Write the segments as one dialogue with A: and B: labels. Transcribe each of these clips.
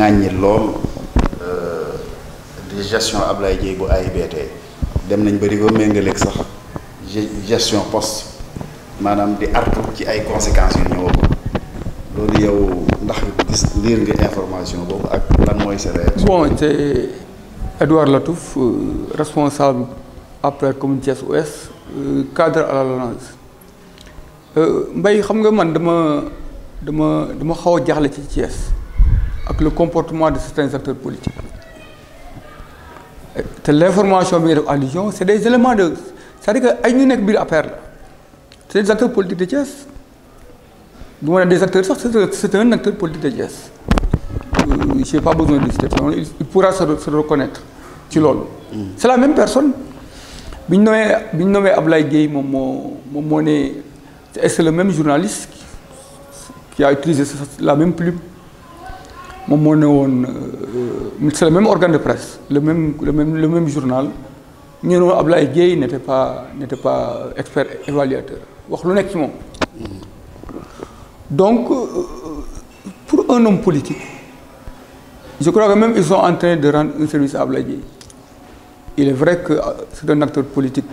A: ŋàññi lool euh, di gestion Ablaye Dieye bu AIBD dem nañ ba di ko méngaleeg sax gestion poste maanaam di artu ci ay conséquences yu ñëwoon loolu yow ndax gis liir nga information boobu ak lan mooy sa réaction. bon c'est Edouard Latouf euh, responsable après commune Thiès Ouest euh, cadre à la LONASE Mbaye xam nga man dama dama dama xaw a jaaxle ci Thiès. ak le comportement de certains acteurs politiques te l'information bi nga def allusion c'est des éléments de cest dire que ay ñu nekk biir affaire la c'est des acteurs politiques de Thiès du ma ne des acteurs sax c'est un acteur politique de Thiès euh, j'ai pas besoin de citation il pourra se reconnaître ci lool mm. c'est la même personne bi ñu nommee bi ñu nommee Ablaye moom moo moom moo ne est-ce le même journaliste qui a utilisé la même plume moom moo ne woon euh, c'est le même organe de presse le même le même le même journal ñu ne woon Ablaye Dièye n'était pas n'était pas expert évaluateur wax lu nekk donc euh, pour un homme politique je crois que même ils sont en de rendre un service à Ablaye Dièye il est vrai que euh, c'est un acteur politique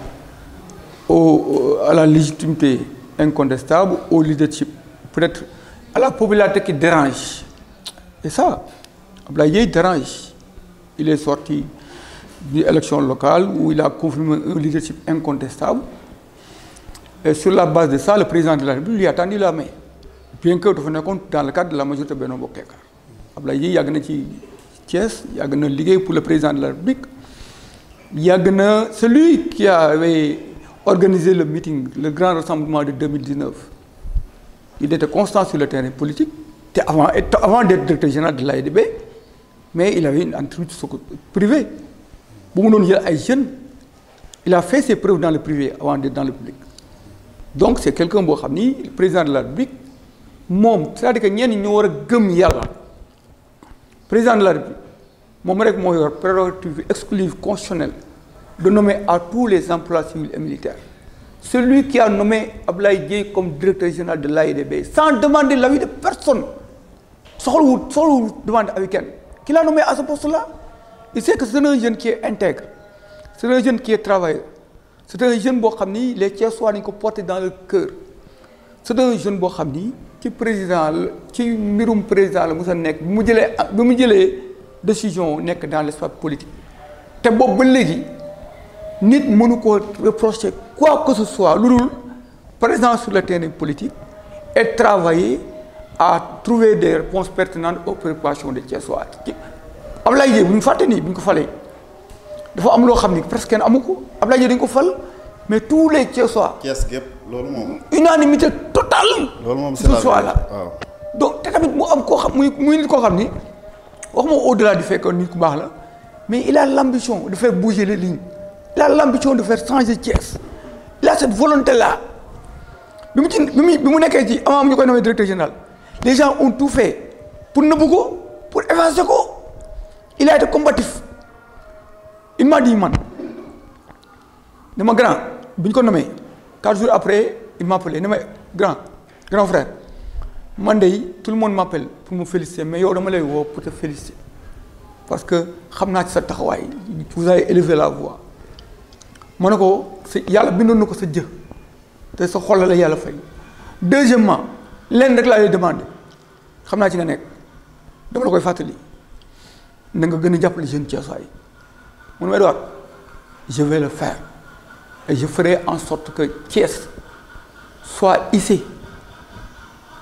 A: au à la légitimité incontestable au leadership peut-être à la popularité qui dérange Et ça, Ablaye dérange. Il est sorti d'une élection locale où il a confirmé un leadership incontestable. Et sur la base de ça, le président de la République lui a tendu la main. Bien que dafa nekkoon dans le cadre de la majorité Benno Bokk Yaakaar. Ablaye yàgg na ci Thiès yàgg na liggéey pour le président de la République yàgg na celui qui avait organisé le meeting le grand rassemblement de 2019 il était constant sur le terrain politique. avant, avant d'être directeur général de l'AIDB, mais il avait une entreprise privée. Il a fait ses preuves dans le privé avant d'être dans le public. Donc c'est quelqu'un qui est le président de la République. C'est-à-dire que war avons le président de la République, moom rek moo yor prérogative exclusive constitutionnelle de nommer à tous les emplois civils et militaires celui qui a nommé Ablaye Dièye comme directeur général de la sans demander l'avis de personne soxla soxlawul soxlawul demande avec kenn ki laa nommé à ce poste là il sait que c'est un jeune qui est intègre c'est un jeune qui est travailleur c'est un jeune boo xam ni les Thiessois nañ ko porté dans le cœur c'est un jeune boo xam nii ci président la ci mbirum président la musa nekk bi mu jëlee bi mu jëlee décision nekk dans l'espace politique te boobu ba léegi nit mënu ko reprocher quoi que soit lu dul présent sur le terrain politique et travailler à trouver des réponses pertinentes aux préoccupations des Thiessois Abdoulaye Dièye bu ñu fàtte nii bu ñu ko falee dafa am loo xam ni presque kenn amu ko Abdoulaye Dièye dañ ko fal mais tous les Thiessois. Thiès gépp loolu moom. unanimité totale. loolu moom c'est la donc te tamit mu am koo xam muy muy koo xam ni waxuma au-delà du fait que nit ku baax la mais il a l'ambition de faire bouger les lignes il a l'ambition de faire changer Thiès il a cette volonté là bi mu ci bi mu nekkee ci avant ñu koy nommé les gens tout fait pour nëbbu ko pour effacer ko il a été combatif il m'a dit man ne ma grand bi ñu ko nommé quatre jours après il m'a appelé ne ma grand grand frère man de tout le monde m'appelle pour mu féliciter mais yow dama lay woo pour te féliciter parce que xam naa ci sa taxawaay vous avez élevé la voix ma ne ko sa yàlla bindoon na ko sa jë te sa xol la yàlla fay deuxièmement lenn rek laa lay demandé xam naa ci nga nekk dama la koy fàttali na nga gën a jàppale jeune Thiessois yi mu ne Edouard je vais le faire je ferai en sorte que Thiès soit ici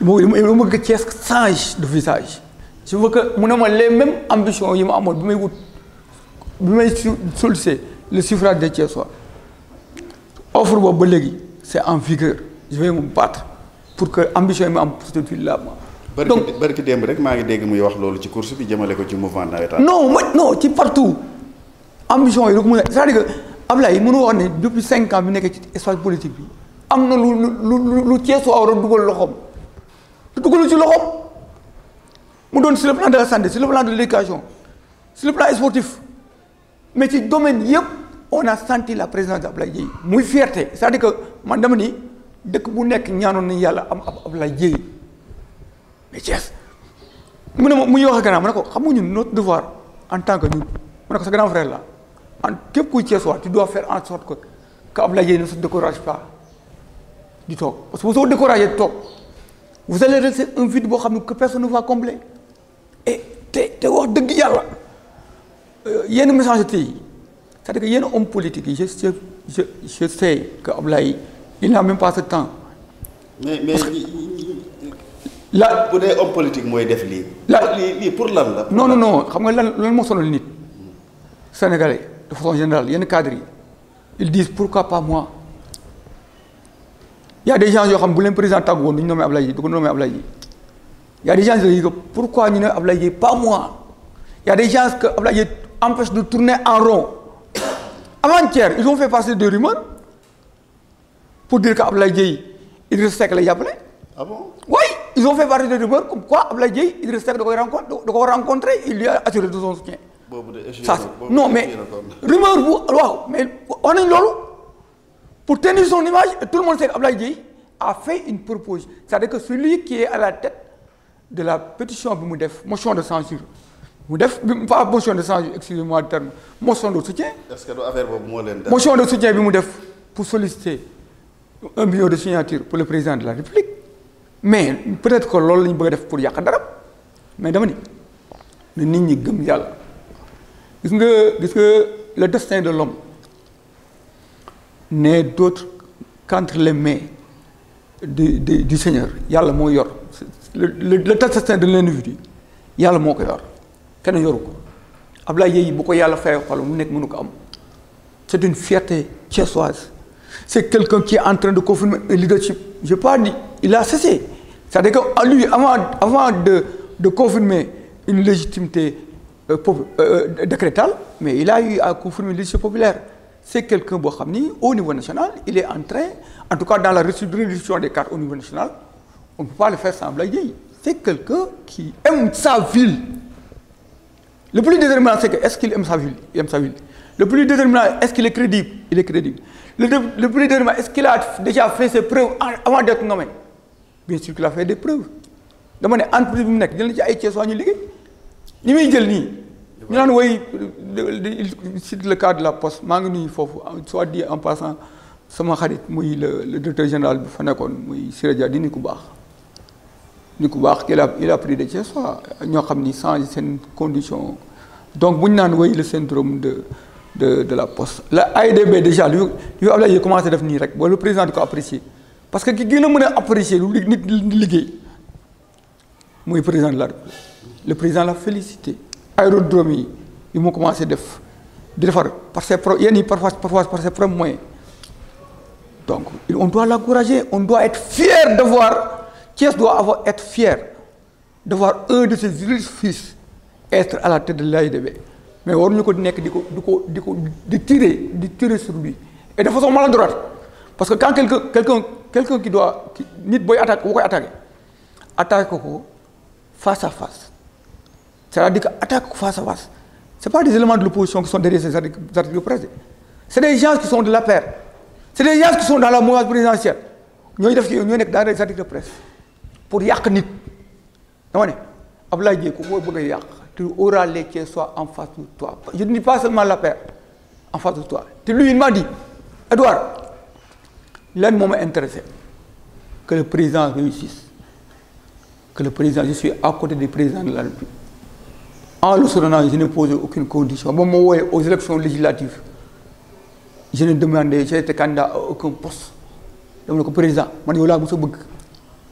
A: moo ma bëgg Thiès change de visage je veux que mun ne ma les mêmes ambitions yi ma amoon bi may wut bi may solliciter le suffrage des Thiessois offre boobu ba léegi c'est en vigueur je vais me battre pour que ambition yi ma am pour cette ville là donc barki démb rek maa ngi dégg muy wax loolu ci course bi jëmale ko ci mouvement nawetaan. non ma non ci partout ambition yi rek mun a c'est-à-dire que Ablaye mënu wax ne depuis cinq ci espace politique bi am na lu lu lu Ceesu war a dugal loxoom te ci loxoom mu doon sur le plan de la santé sur le plan de l'éducation sur le plan sportif mais ci domaine yëpp on a senti la présidence d'Ablaye Dièye muy feerte c'est-à-dire que man dama ni dëkk bu nekk ñaanoon nañu yàlla am ab Ablaye Dièye de Thiès mu ne mu ñuy wax ak mu ne ko xam nga ñun notre devoir en tant que ñun mu ne ko sa grand frère la en képp kuy Thiès waat tu dois faire en sorte que que Abdoulaye ne se décourage di toog parce que bu soo découragé di toog vous allez laisser un vide boo xam ne que personne te te wax dëgg yàlla euh, yenn message yi cest à que yenn temps. la bu politique mooy def lii. la pour la. non non non xam nga lan lan moo sonal nit. Sénégalais de façon général yenn cadres yi ils pourquoi pas moi y a des gens yoo xam bu leen président tàggu woon du ñu nommé Ablaye Dièye du ko nommé Ablaye des gens yooyu pourquoi ñu ne Ablaye Dièye pas moi ya a des gens que Ablaye Dièye empêche de tourner en rond avant-hier ils ont fait passer des rumeurs pour dire que Ablaye Dièye Idrissa Seck la jàppale. ah bon oui. ils ont fait partie des rumeurs comme quoi Abdoulaye Dièye Idriss Seck da koy rencontre il lui a assuré de son soutien. non mais rumeur bu waaw mais wax nañ loolu pour tenir son image tout le monde sait que Abdoulaye a fait une proposition c'est-à-dire que celui qui est à la tête de la pétition bi mu def motion de censure mu def pas motion de censure excusez-moi le terme motion de soutien. est-ce moo leen motion de soutien bi mu def pour solliciter un million de signature mais peut-être que loolu la bëgg a def pour yàq dara mais dama ni nit ñi gëm yàlla gis nga gis nga le destin de l'homme ne d'autre qu'entre les mais du du du Seigneur yàlla moo yor le le le destin de l'individu yàlla moo ko yor kenn yoru ko Ablaye Yeye bu ko yàlla fayoo xol mu nekk mënu ko am c'est une fierté thiessoise c'est quelqu'un qui est en train de confirmer un Je n'ai pas dit, il a cessé. cest avant, de, de confirmer une légitimité euh, pop, euh, euh décrétale, mais il a eu à confirmer une légitimité populaire. C'est quelqu'un, au niveau national, il est en train, en tout cas dans la redistribution des cartes au niveau national, on ne peut pas le faire sans blaguer. C'est quelqu'un qui aime sa ville. Le plus déterminant, c'est que est-ce qu'il aime sa ville. Le plus déterminant, est-ce qu'il est crédible Il est crédible. Le, le plus déterminant, est-ce qu'il a déjà fait ses preuves avant d'être nommé Bien sûr qu'il des preuves. dama ne entreprise bi mu nekk jël na ci ay Thiès waa ñu liggéey jël nii. ñu naan woy cite le cas la poste maa ngi nuyu foofu soit di en passant sama xarit muy le le directeur général bi fa nekkoon muy Siré Dia di ku baax. nit ku baax il a il a pris des Thiès waa ñoo xam ni changé seen condition donc bu ñu naan woy le syndrome de. de de la poste la AIBD déjà lu yu Abdoulaye yi commencé def nii rek ba le président di ko apprécier parce que ki gën a mën a apprécier lu nit di liggéey muy président la République le président la félicité aérodrome yi yu mu commencé def di defar par ses pro yenn yi parfois parfois par ses propres moyens donc on doit l'encourager on doit être fier de voir Thiès doit avoir être fier de voir un de ses illustres fils être à la tête de l'AIBD mais waruñu ko di nekk di ko di ko di ko di tirer di tirer sur lui et de façon maladroite parce que quand quelqu'un quelqu'un quelqu'un qui doit nit booy attaque boo koy attaqué attaque ko face à face c'est-à-dire que attaque ko face à face c'est pas des éléments de l'opposition qui sont derrière ces articles de presse c'est des gens qui sont de la paire c'est des gens qui sont dans la mouvance présidentielle ñooy def ci ñooy nekk dans les articles de presse pour yàq nit dama ne Abdoulaye Dièye ko mooy bëgg a yàq tu auras les Thiessois en face de toi. Je ne dis pas seulement la paix, en face de toi. Et lui, il m'a dit, Edouard, l'un m'a intéressé, que le président réussisse. Que le président, je suis à côté du président de la République. En le soutenant, je n'ai posé aucune condition. Bon, moi, aux élections législatives, je ne demandais, j'étais candidat à aucun poste. Je me président, je suis là, je suis là,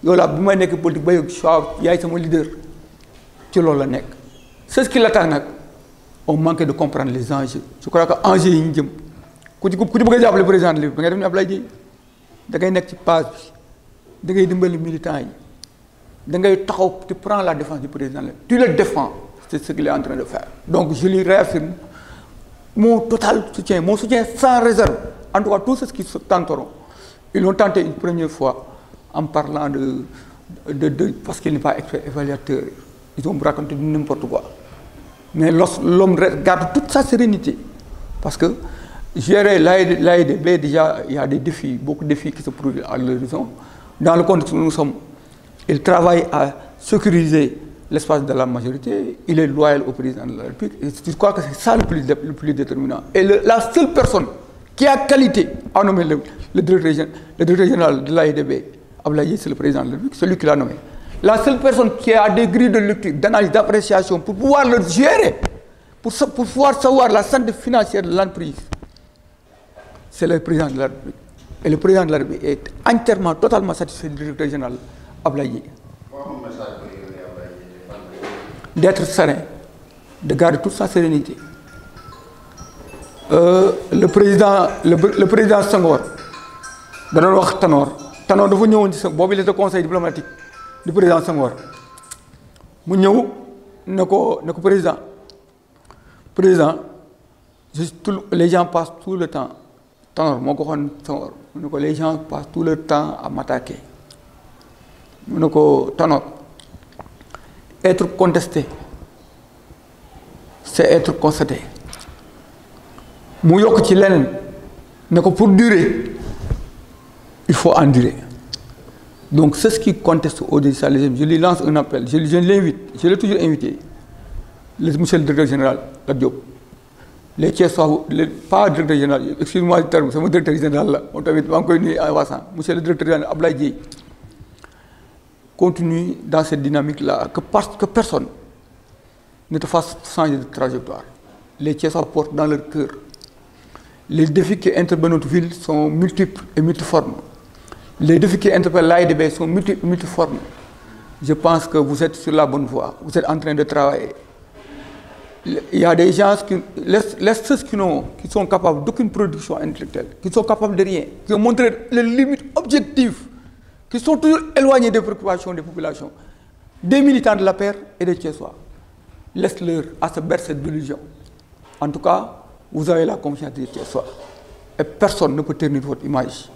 A: je suis là, je suis là, je suis là, je suis je suis là, je c'est ce qui l'attaque nag on manque de comprendre les enjeux je crois que enjeux yi ñu jëm ku ci ku ci bëgg a jàppale président de la République da ne Abdoulaye Dièye da ngay nekk ci page da ngay dimbali militant yi da ngay taxaw tu prends la défense du président la tu le défends c'est ce qu'il est en de faire donc je lui réaffirme mon total soutien mon soutien sans réserve en tout cas tous qui se tenteront ils l'ont tenté une première fois en parlant de de de parce qu'il n'est pas évaluateur ils ont raconté n'importe quoi mais l'homme garde toute sa sérénité. Parce que gérer l'AEDB, déjà, il y a des défis, beaucoup de défis qui se produisent à l'horizon. Dans le contexte nous sommes, il travaille à sécuriser l'espace de la majorité, il est loyal au président de la République. Et je crois que c'est ça le plus, le plus, déterminant. Et le, la seule personne qui a qualité à nommer le, le directeur, directeur, général de l'AEDB, Ablaye, c'est le président de la République, celui qui l'a nommé. La seule personne qui a des grilles de lecture, d'analyse, d'appréciation pour pouvoir le gérer, pour, pour pouvoir savoir la santé financière de l'entreprise, c'est le président de la République. Et le président de la République est entièrement, totalement satisfait du directeur général Ablaye. D'être serein, de garder toute sa sérénité. Euh, le président le, le président Senghor da doon wax Tanor Tanor dafa ñëwoon ci sa boobu la conseil diplomatique. du président Senghor mu ñëw ne ko ne ko président président je tout les gens passent tout le temps Tanor moo ko waxoon Senghor mu ne ko les tout le temps à m'attaquer mu ne ko Tanor être contesté c'est être constaté mu yokk ci leneen ne ko pour dure il faut endurer Donc ceux qui contestent au digitalisme, je lui lance un appel, je, je l'invite, je l'ai toujours invité, le, monsieur le directeur général, la Diop, les Thiessois, pas le directeur général, excuse-moi le terme, c'est mon directeur général là, on t'invite, encore une en passant, monsieur le directeur général Ablaye continue dans cette dynamique-là, que, que personne ne te fasse changer de trajectoire. Les Thiessois portent dans leur cœur. Les défis qui interviennent son ville sont multiples et Les défis qui de l'AIDB sont multi, multiformes. Je pense que vous êtes sur la bonne voie. Vous êtes en train de travailler. Il y a des gens qui, les, les ceux qui, qui sont capables d'aucune production intellectuelle, qui sont capables de rien, qui ont montré les limites objectives, qui sont toujours éloignés des préoccupations des populations, des militants de la paix et des Tchessois. Laisse-leur à se bercer En tout cas, vous avez la confiance des Tchessois. personne ne peut tenir image.